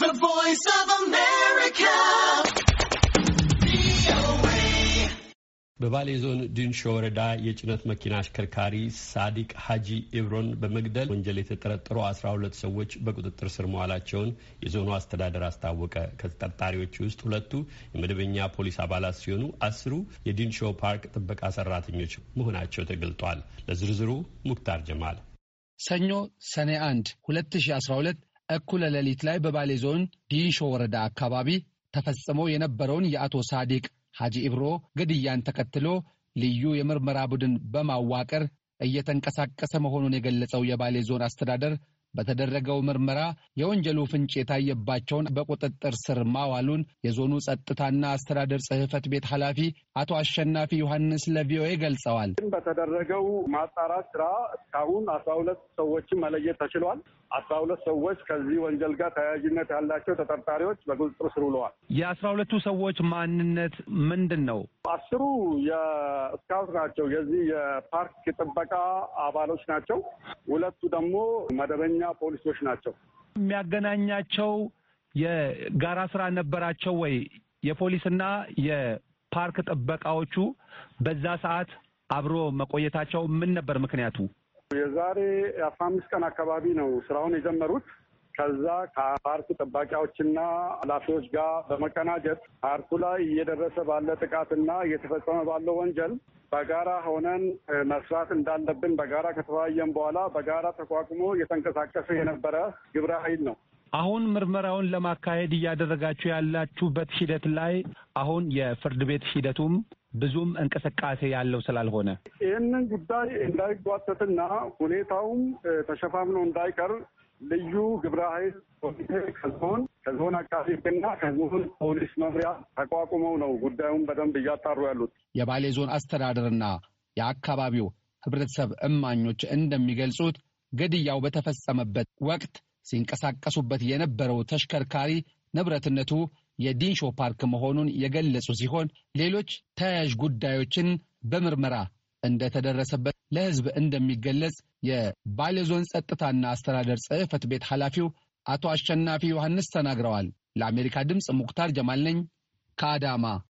The Voice of America. በባሌ ዞን ድንሾ ወረዳ የጭነት መኪና አሽከርካሪ ሳዲቅ ሀጂ ኢብሮን በመግደል ወንጀል የተጠረጠሩ አስራ ሁለት ሰዎች በቁጥጥር ስር መዋላቸውን የዞኑ አስተዳደር አስታወቀ። ከተጠርጣሪዎች ውስጥ ሁለቱ የመደበኛ ፖሊስ አባላት ሲሆኑ አስሩ የድንሾ ፓርክ ጥበቃ ሰራተኞች መሆናቸው ተገልጧል። ለዝርዝሩ ሙክታር ጀማል ሰኞ ሰኔ 1 2012 እኩለ ሌሊት ላይ በባሌ ዞን ዲንሾ ወረዳ አካባቢ ተፈጽሞ የነበረውን የአቶ ሳዲቅ ሐጂ ኢብሮ ግድያን ተከትሎ ልዩ የምርመራ ቡድን በማዋቀር እየተንቀሳቀሰ መሆኑን የገለጸው የባሌ ዞን አስተዳደር በተደረገው ምርመራ የወንጀሉ ፍንጭ የታየባቸውን በቁጥጥር ስር ማዋሉን የዞኑ ጸጥታና አስተዳደር ጽሕፈት ቤት ኃላፊ አቶ አሸናፊ ዮሐንስ ለቪኦኤ ገልጸዋል። በተደረገው ማጣራት ስራ እስካሁን አስራ ሁለት ሰዎችን መለየት ተችሏል። አስራ ሁለት ሰዎች ከዚህ ወንጀል ጋር ተያያዥነት ያላቸው ተጠርጣሪዎች በቁጥጥር ስር ውለዋል። የአስራ ሁለቱ ሰዎች ማንነት ምንድን ነው? አስሩ የስካውት ናቸው፣ የዚህ የፓርክ ጥበቃ አባሎች ናቸው። ሁለቱ ደግሞ መደበኛ ፖሊሶች ናቸው። የሚያገናኛቸው የጋራ ስራ ነበራቸው ወይ? የፖሊስና የፓርክ ጥበቃዎቹ በዛ ሰዓት አብሮ መቆየታቸው ምን ነበር ምክንያቱ? የዛሬ አስራ አምስት ቀን አካባቢ ነው ስራውን የጀመሩት። ከዛ ከፓርክ ጠባቂዎችና ኃላፊዎች ጋር በመቀናጀት ፓርኩ ላይ እየደረሰ ባለ ጥቃትና እየተፈጸመ ባለው ወንጀል በጋራ ሆነን መስራት እንዳለብን በጋራ ከተወያየን በኋላ በጋራ ተቋቁሞ እየተንቀሳቀሰ የነበረ ግብረ ኃይል ነው። አሁን ምርመራውን ለማካሄድ እያደረጋችሁ ያላችሁበት ሂደት ላይ አሁን የፍርድ ቤት ሂደቱም ብዙም እንቅስቃሴ ያለው ስላልሆነ ይህንን ጉዳይ እንዳይጓተትና ሁኔታውም ተሸፋፍኖ እንዳይቀር ልዩ ግብረ ኃይል ኮሚቴ ከዞን ከዞን አቃቤ ሕግና ከዞን ፖሊስ መምሪያ ተቋቁመው ነው ጉዳዩን በደንብ እያጣሩ ያሉት። የባሌ ዞን አስተዳደርና የአካባቢው ህብረተሰብ እማኞች እንደሚገልጹት ግድያው በተፈጸመበት ወቅት ሲንቀሳቀሱበት የነበረው ተሽከርካሪ ንብረትነቱ የዲንሾ ፓርክ መሆኑን የገለጹ ሲሆን ሌሎች ተያያዥ ጉዳዮችን በምርመራ እንደተደረሰበት ለሕዝብ እንደሚገለጽ የባሌ ዞን ጸጥታና አስተዳደር ጽሕፈት ቤት ኃላፊው አቶ አሸናፊ ዮሐንስ ተናግረዋል። ለአሜሪካ ድምፅ ሙክታር ጀማል ነኝ ከአዳማ